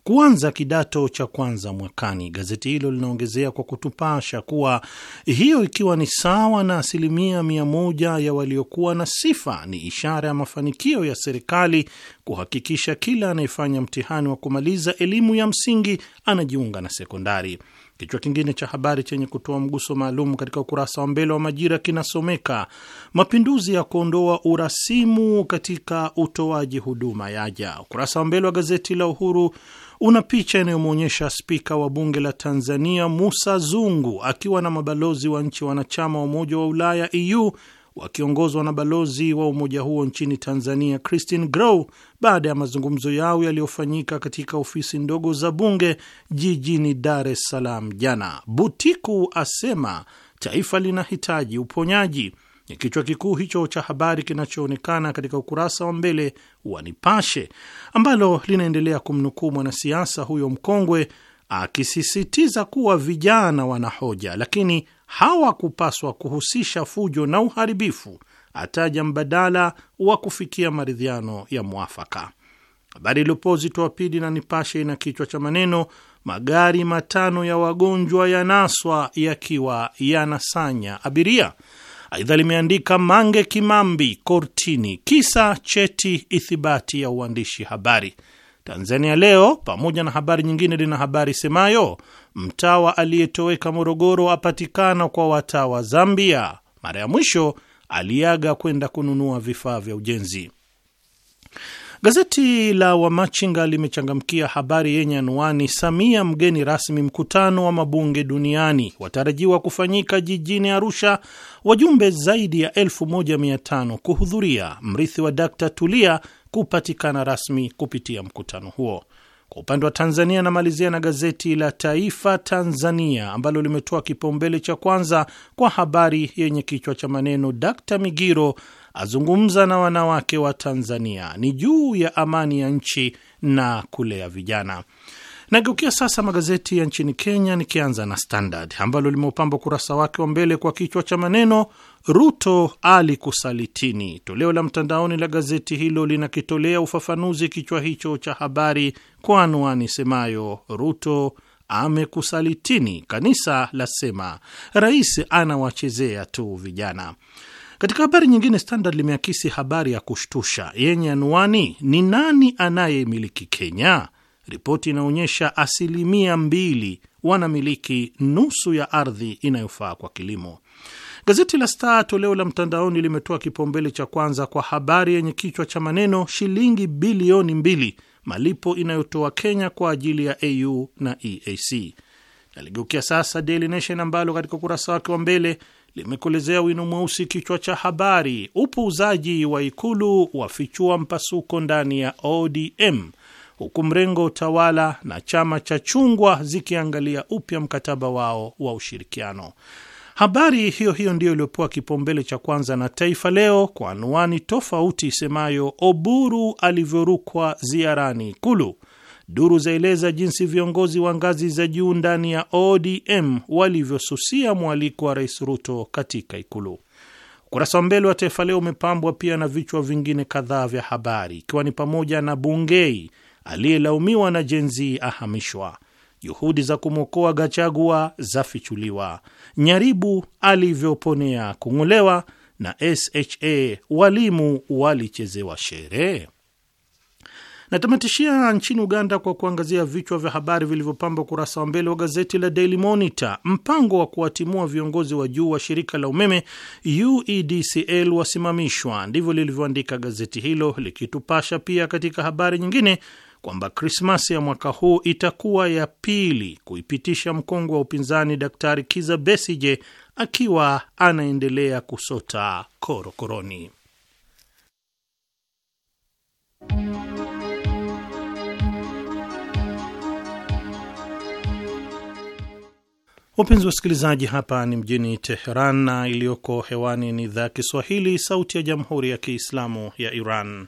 kuanza kidato cha kwanza mwakani. Gazeti hilo linaongezea kwa kutupasha kuwa hiyo ikiwa ni sawa na asilimia 1 ya waliokuwa na sifa, ni ishara ya mafanikio ya serikali kuhakikisha kila anayefanya mtihani wa kumaliza elimu ya msingi anajiunga na sekondari. Kichwa kingine cha habari chenye kutoa mguso maalum katika ukurasa wa mbele wa Majira kinasomeka mapinduzi ya kuondoa urasimu katika utoaji huduma yaja. Ukurasa wa mbele wa gazeti la Uhuru una picha inayomwonyesha spika wa bunge la Tanzania Musa Zungu akiwa na mabalozi wa nchi wanachama wa Umoja wa Ulaya EU wakiongozwa na balozi wa umoja huo nchini Tanzania Christine Grow baada ya mazungumzo yao yaliyofanyika katika ofisi ndogo za bunge jijini Dar es Salaam jana. Butiku asema taifa linahitaji uponyaji ni kichwa kikuu hicho cha habari kinachoonekana katika ukurasa wa mbele wa Nipashe, ambalo linaendelea kumnukuu mwanasiasa huyo mkongwe akisisitiza kuwa vijana wana hoja, lakini hawakupaswa kuhusisha fujo na uharibifu, ataja mbadala wa kufikia maridhiano ya mwafaka. Habari iliyopewa wa pili na Nipashe ina kichwa cha maneno magari matano ya wagonjwa yanaswa yakiwa yanasanya abiria. Aidha limeandika Mange Kimambi kortini, kisa cheti ithibati ya uandishi habari. Tanzania Leo pamoja na habari nyingine lina habari semayo mtawa aliyetoweka Morogoro apatikana kwa watawa Zambia, mara ya mwisho aliaga kwenda kununua vifaa vya ujenzi. Gazeti la Wamachinga limechangamkia habari yenye anwani Samia mgeni rasmi mkutano wa mabunge duniani watarajiwa kufanyika jijini Arusha, wajumbe zaidi ya 1500 kuhudhuria. Mrithi wa Dkt Tulia kupatikana rasmi kupitia mkutano huo. Kwa upande wa Tanzania, namalizia na gazeti la Taifa Tanzania ambalo limetoa kipaumbele cha kwanza kwa habari yenye kichwa cha maneno Dkt Migiro azungumza na wanawake wa Tanzania ni juu ya amani ya nchi na kulea vijana. Nageukia sasa magazeti ya nchini Kenya, nikianza na Standard ambalo limeupamba ukurasa wake wa mbele kwa kichwa cha maneno Ruto alikusalitini. Toleo la mtandaoni la gazeti hilo linakitolea ufafanuzi kichwa hicho cha habari kwa anwani semayo, Ruto amekusalitini, kanisa lasema, rais anawachezea tu vijana. Katika habari nyingine, Standard limeakisi habari ya kushtusha yenye anwani, ni nani anayemiliki Kenya? Ripoti inaonyesha asilimia mbili wanamiliki nusu ya ardhi inayofaa kwa kilimo. Gazeti la Star toleo la mtandaoni limetoa kipaumbele cha kwanza kwa habari yenye kichwa cha maneno shilingi bilioni mbili malipo inayotoa Kenya kwa ajili ya AU na EAC. Naligeukia sasa Daily Nation ambalo katika ukurasa wake wa mbele limekolezea wino mweusi kichwa cha habari, upuuzaji wa ikulu wafichua mpasuko ndani ya ODM, huku mrengo tawala na chama cha chungwa zikiangalia upya mkataba wao wa ushirikiano. Habari hiyo hiyo ndiyo iliyopewa kipaumbele cha kwanza na Taifa Leo kwa anwani tofauti isemayo, Oburu alivyorukwa ziarani Ikulu. Duru zaeleza jinsi viongozi wa ngazi za juu ndani ya ODM walivyosusia mwaliko wa Rais Ruto katika Ikulu. Ukurasa wa mbele wa Taifa Leo umepambwa pia na vichwa vingine kadhaa vya habari, ikiwa ni pamoja na Bungei aliyelaumiwa na Jenzi ahamishwa juhudi za kumwokoa Gachagua zafichuliwa, Nyaribu alivyoponea kung'olewa, na SHA walimu walichezewa shere. Natamatishia nchini Uganda kwa kuangazia vichwa vya habari vilivyopamba ukurasa wa mbele wa gazeti la Daily Monitor. Mpango wa kuwatimua viongozi wa juu wa shirika la umeme UEDCL wasimamishwa, ndivyo lilivyoandika gazeti hilo, likitupasha pia katika habari nyingine kwamba Krismasi ya mwaka huu itakuwa ya pili kuipitisha mkongo wa upinzani Daktari Kiza Besije akiwa anaendelea kusota korokoroni. Wapenzi wasikilizaji, hapa ni mjini Teheran na iliyoko hewani ni idhaa ya Kiswahili, Sauti ya Jamhuri ya Kiislamu ya Iran.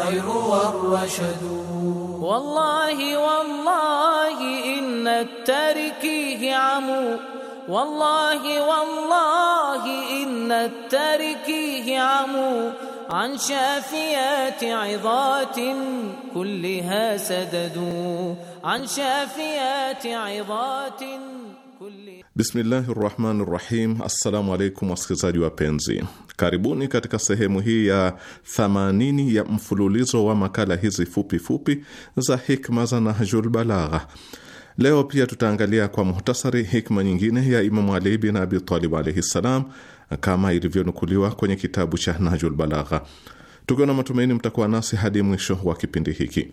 الخير والرشد والله والله إن التركيه عمو والله والله إن التركيه عمو عن شافيات عظات كلها سددوا عن شافيات عظات Bismillahi rahmani rahim. Assalamu alaikum wasikilizaji wapenzi, karibuni katika sehemu hii ya 80 ya mfululizo wa makala hizi fupi fupi za hikma za Nahjul Balagha. Leo pia tutaangalia kwa muhtasari hikma nyingine ya Imamu Ali bin Abi Talib alaihi ssalam, kama ilivyonukuliwa kwenye kitabu cha Nahjul Balagha, tukiwa na matumaini mtakuwa nasi hadi mwisho wa kipindi hiki.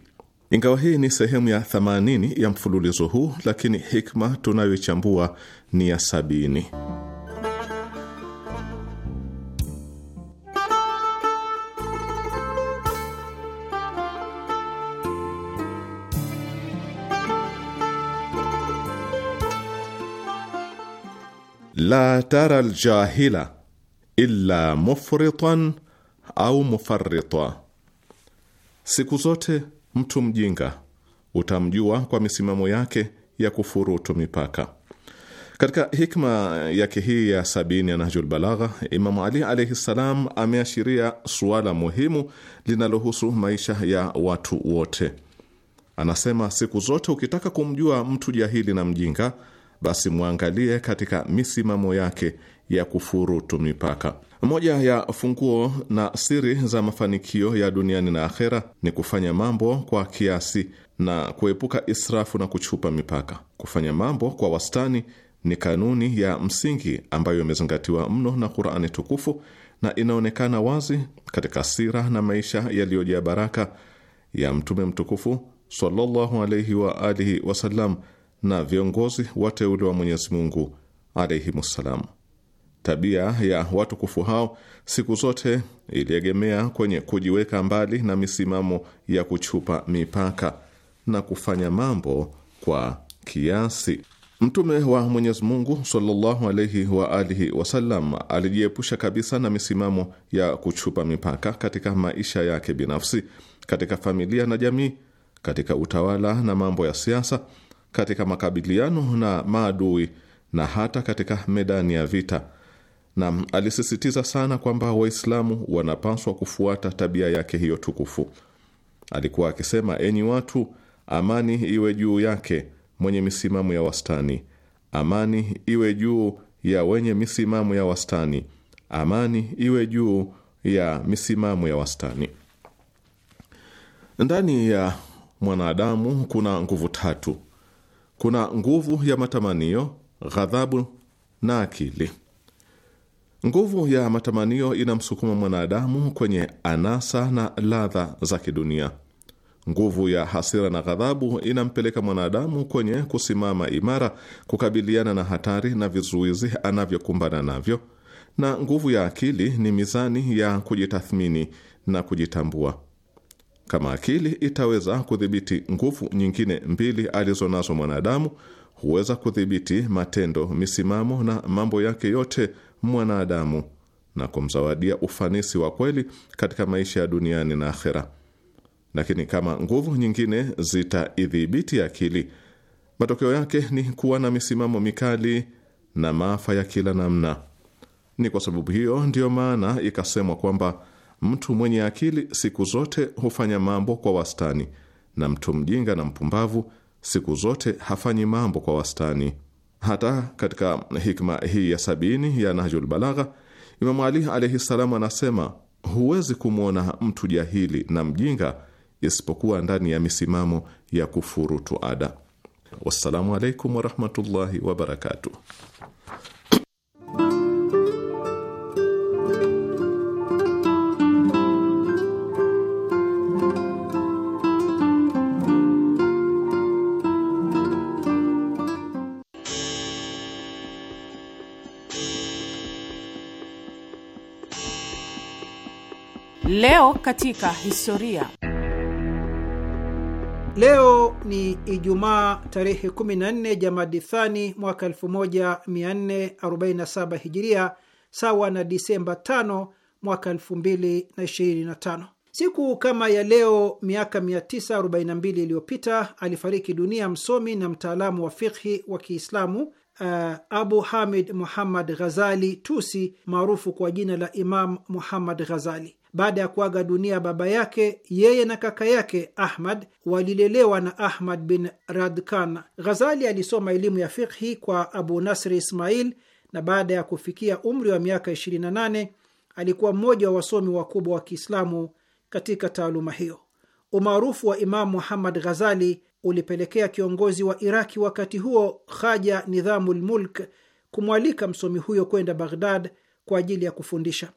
Ingawa hii ni sehemu ya 80 ya mfululizo huu, lakini hikma tunayoichambua ni ya sabini. La tara ljahila illa mufritan au mufaritwa, siku zote Mtu mjinga utamjua kwa misimamo yake ya kufurutu mipaka. Katika hikma yake hii ya sabini ya Nahjul Balagha, Imamu Ali alaihi ssalam ameashiria suala muhimu linalohusu maisha ya watu wote. Anasema, siku zote ukitaka kumjua mtu jahili na mjinga, basi mwangalie katika misimamo yake ya kufurutu mipaka. Moja ya funguo na siri za mafanikio ya duniani na akhera ni kufanya mambo kwa kiasi na kuepuka israfu na kuchupa mipaka. Kufanya mambo kwa wastani ni kanuni ya msingi ambayo imezingatiwa mno na Qur'ani tukufu na inaonekana wazi katika sira na maisha yaliyojaa baraka ya mtume mtukufu sallallahu alayhi wa alihi wasallam na viongozi wateule wa Mwenyezi Mungu alayhimus Tabia ya watukufu hao siku zote iliegemea kwenye kujiweka mbali na misimamo ya kuchupa mipaka na kufanya mambo kwa kiasi. Mtume wa Mwenyezi Mungu sallallahu alaihi wa alihi wasallam alijiepusha kabisa na misimamo ya kuchupa mipaka katika maisha yake binafsi, katika familia na jamii, katika utawala na mambo ya siasa, katika makabiliano na maadui na hata katika medani ya vita na alisisitiza sana kwamba Waislamu wanapaswa kufuata tabia yake hiyo tukufu. Alikuwa akisema, enyi watu, amani iwe juu yake mwenye misimamo ya wastani, amani iwe juu ya wenye misimamo ya wastani, amani iwe juu ya misimamo ya wastani. Ndani ya mwanadamu kuna nguvu tatu: kuna nguvu ya matamanio, ghadhabu na akili. Nguvu ya matamanio inamsukuma mwanadamu kwenye anasa na ladha za kidunia. Nguvu ya hasira na ghadhabu inampeleka mwanadamu kwenye kusimama imara kukabiliana na hatari na vizuizi anavyokumbana navyo, na nguvu ya akili ni mizani ya kujitathmini na kujitambua. Kama akili itaweza kudhibiti nguvu nyingine mbili alizonazo mwanadamu, huweza kudhibiti matendo, misimamo na mambo yake yote mwanadamu na kumzawadia ufanisi wa kweli katika maisha ya duniani na akhera. Lakini kama nguvu nyingine zitaidhibiti akili, matokeo yake ni kuwa na misimamo mikali na maafa ya kila namna. Ni kwa sababu hiyo ndiyo maana ikasemwa kwamba mtu mwenye akili siku zote hufanya mambo kwa wastani, na mtu mjinga na mpumbavu siku zote hafanyi mambo kwa wastani. Hata katika hikma hii ya sabini ya Nahjul Balagha, Imamu Ali alaihi ssalam anasema huwezi kumwona mtu jahili na mjinga isipokuwa ndani ya misimamo ya kufurutu ada. Wassalamu alaikum warahmatullahi wabarakatuh. Leo katika historia. Leo ni Ijumaa tarehe 14 Jamadi Thani mwaka 1447 Hijiria, sawa na Disemba 5 mwaka 2025. Siku kama ya leo miaka 942 iliyopita alifariki dunia msomi na mtaalamu wa fikhi wa Kiislamu Uh, Abu Hamid Muhammad Ghazali Tusi maarufu kwa jina la Imam Muhammad Ghazali. Baada ya kuaga dunia baba yake, yeye na kaka yake Ahmad walilelewa na Ahmad bin Radkan. Ghazali alisoma elimu ya fikhi kwa Abu Nasri Ismail, na baada ya kufikia umri wa miaka 28 alikuwa mmoja wa wasomi wakubwa wa Kiislamu katika taaluma hiyo. Umaarufu wa Imamu Muhammad Ghazali ulipelekea kiongozi wa Iraki wakati huo Haja Nidhamul Mulk kumwalika msomi huyo kwenda Baghdad kwa ajili ya kufundisha.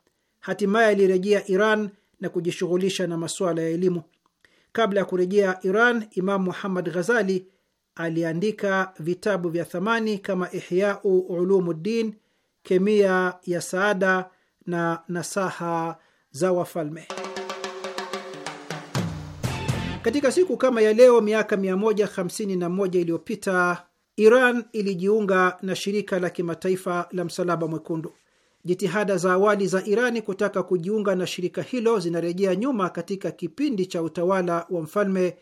Hatimaye alirejea Iran na kujishughulisha na masuala ya elimu. Kabla ya kurejea Iran, Imam Muhammad Ghazali aliandika vitabu vya thamani kama Ihyau Ulumuddin, Kemia ya Saada na Nasaha za Wafalme. Katika siku kama ya leo miaka 151 iliyopita Iran ilijiunga na shirika la kimataifa la Msalaba Mwekundu. Jitihada za awali za Irani kutaka kujiunga na shirika hilo zinarejea nyuma katika kipindi cha utawala wa mfalme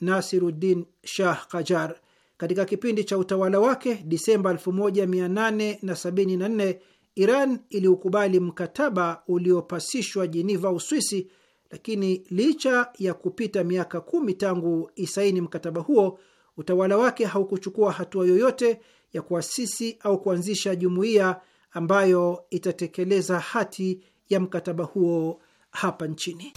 Nasiruddin Shah Kajar. Katika kipindi cha utawala wake Disemba 1874 Iran iliukubali mkataba uliopasishwa Jeneva, Uswisi, lakini licha ya kupita miaka kumi tangu isaini mkataba huo, utawala wake haukuchukua hatua yoyote ya kuasisi au kuanzisha jumuiya ambayo itatekeleza hati ya mkataba huo hapa nchini.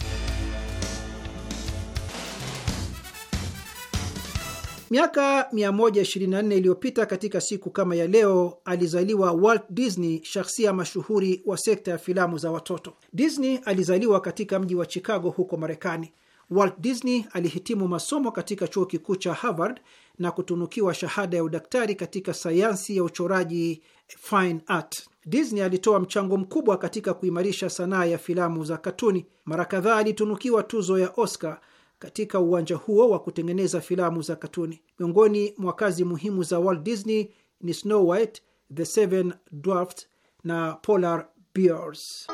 Miaka 124 iliyopita katika siku kama ya leo alizaliwa Walt Disney, shahsia mashuhuri wa sekta ya filamu za watoto. Disney alizaliwa katika mji wa Chicago huko Marekani. Walt Disney alihitimu masomo katika chuo kikuu cha Harvard na kutunukiwa shahada ya udaktari katika sayansi ya uchoraji fine art. Disney alitoa mchango mkubwa katika kuimarisha sanaa ya filamu za katuni. Mara kadhaa alitunukiwa tuzo ya Oscar katika uwanja huo wa kutengeneza filamu za katuni. Miongoni mwa kazi muhimu za Walt Disney ni Snow White, The Seven Dwarfs na Polar Bears.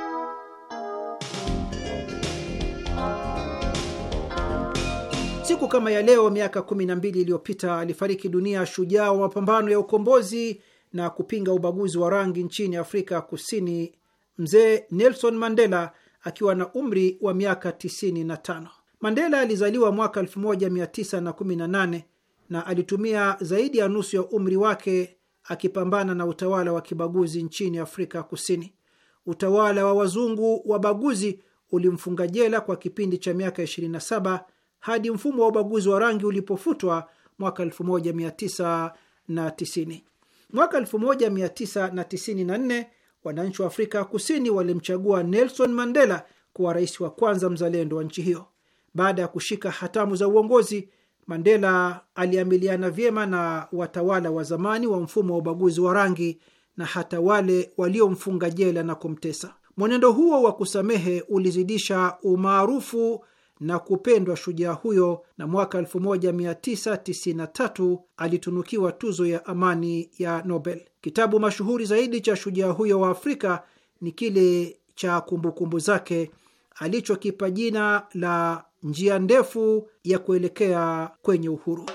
Siku kama ya leo miaka kumi na mbili iliyopita alifariki dunia shujaa wa mapambano ya ukombozi na kupinga ubaguzi wa rangi nchini Afrika Kusini, mzee Nelson Mandela akiwa na umri wa miaka 95. Mandela alizaliwa mwaka 1918 na alitumia zaidi ya nusu ya umri wake akipambana na utawala wa kibaguzi nchini Afrika Kusini. Utawala wa wazungu wa baguzi ulimfunga jela kwa kipindi cha miaka 27 hadi mfumo wa ubaguzi wa rangi ulipofutwa mwaka 1990. Mwaka 1994 wananchi wa Afrika ya Kusini walimchagua Nelson Mandela kuwa rais wa kwanza mzalendo wa nchi hiyo. Baada ya kushika hatamu za uongozi, Mandela aliamiliana vyema na watawala wa zamani wa mfumo wa ubaguzi wa rangi na hata wale waliomfunga jela na kumtesa. Mwenendo huo wa kusamehe ulizidisha umaarufu na kupendwa shujaa huyo, na mwaka 1993 alitunukiwa tuzo ya amani ya Nobel. Kitabu mashuhuri zaidi cha shujaa huyo wa Afrika ni kile cha kumbukumbu kumbu zake alichokipa jina la njia ndefu ya kuelekea kwenye uhuru.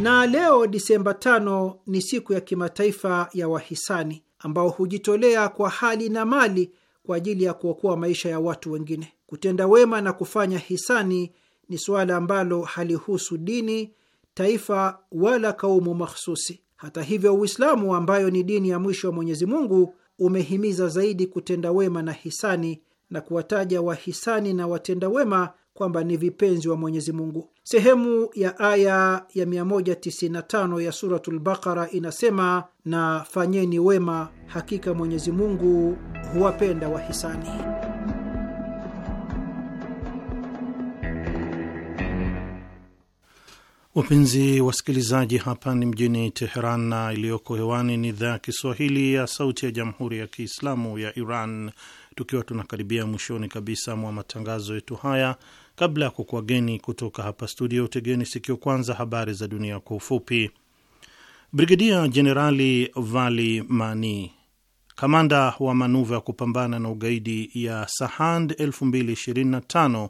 Na leo Disemba tano ni siku ya kimataifa ya wahisani ambao hujitolea kwa hali na mali kwa ajili ya kuokoa maisha ya watu wengine. Kutenda wema na kufanya hisani ni suala ambalo halihusu dini, taifa wala kaumu mahsusi. Hata hivyo, Uislamu ambayo ni dini ya mwisho wa Mwenyezi Mungu umehimiza zaidi kutenda wema na hisani na kuwataja wahisani na watenda wema kwamba ni vipenzi wa Mwenyezi Mungu. Sehemu ya aya ya 195 ya Suratul Bakara inasema, na fanyeni wema, hakika Mwenyezi Mungu huwapenda wahisani. Wapenzi wasikilizaji, hapa ni mjini Teheran na iliyoko hewani ni idhaa ya Kiswahili ya Sauti ya Jamhuri ya Kiislamu ya Iran, tukiwa tunakaribia mwishoni kabisa mwa matangazo yetu haya Kabla ya kukwageni kutoka hapa studio, tegeni sikio kwanza habari za dunia kwa ufupi. Brigedia Jenerali Vali Mani, kamanda wa manuva ya kupambana na ugaidi ya Sahand 2025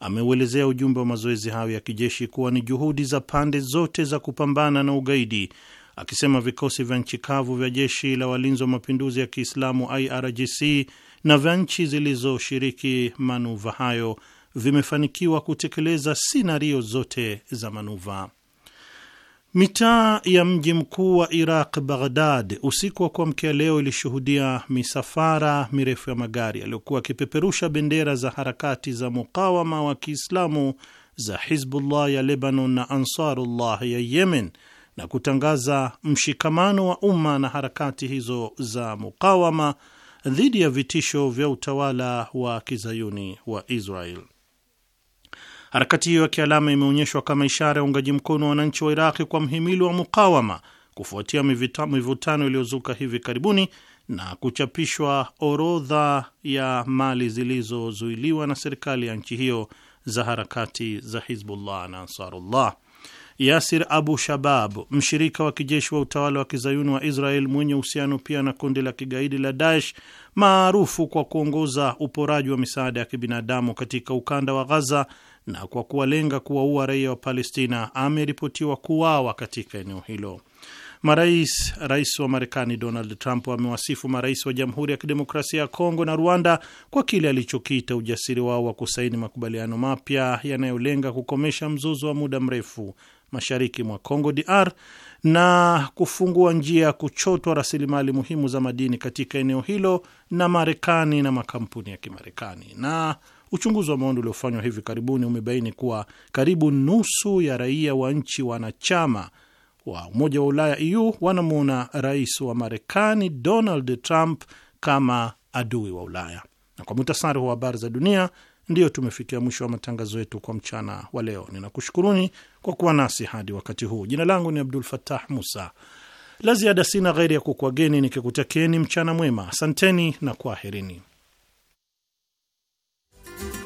ameuelezea ujumbe wa mazoezi hayo ya kijeshi kuwa ni juhudi za pande zote za kupambana na ugaidi, akisema vikosi vya nchi kavu vya jeshi la walinzi wa mapinduzi ya Kiislamu IRGC na vya nchi zilizoshiriki manuva hayo vimefanikiwa kutekeleza sinario zote za manuva. Mitaa ya mji mkuu wa Iraq, Baghdad, usiku wa kuamkia leo ilishuhudia misafara mirefu ya magari yaliyokuwa yakipeperusha bendera za harakati za mukawama wa Kiislamu za Hizbullah ya Lebanon na Ansarullah ya Yemen na kutangaza mshikamano wa umma na harakati hizo za mukawama dhidi ya vitisho vya utawala wa kizayuni wa Israel. Harakati hiyo ya kialama imeonyeshwa kama ishara ya uungaji mkono wa wananchi wa Iraqi kwa mhimili wa mukawama kufuatia mivutano iliyozuka hivi karibuni na kuchapishwa orodha ya mali zilizozuiliwa na serikali ya nchi hiyo za harakati za Hizbullah na Ansarullah. Yasir Abu Shabab, mshirika wa kijeshi wa utawala wa kizayuni wa Israel mwenye uhusiano pia na kundi la kigaidi la Daesh maarufu kwa kuongoza uporaji wa misaada ya kibinadamu katika ukanda wa Ghaza, na kwa kuwalenga kuwaua raia wa Palestina ameripotiwa kuuawa katika eneo hilo. Marais, rais wa Marekani Donald Trump amewasifu marais wa Jamhuri ya Kidemokrasia ya Kongo na Rwanda kwa kile alichokiita ujasiri wao wa kusaini makubaliano mapya yanayolenga kukomesha mzozo wa muda mrefu mashariki mwa Kongo DR na kufungua njia ya kuchotwa rasilimali muhimu za madini katika eneo hilo na Marekani na makampuni ya Kimarekani na Uchunguzi wa maoni uliofanywa hivi karibuni umebaini kuwa karibu nusu ya raia wa nchi wanachama wa Umoja wa Ulaya EU wanamwona rais wa Marekani Donald Trump kama adui wa Ulaya. Na kwa muhtasari wa habari za dunia, ndiyo tumefikia mwisho wa matangazo yetu kwa mchana wa leo. Ninakushukuruni kwa kuwa nasi hadi wakati huu. Jina langu ni Abdul fatah Musa. La ziada sina ghairi ya kukwageni nikikutakieni mchana mwema. Asanteni na kwaherini. thank you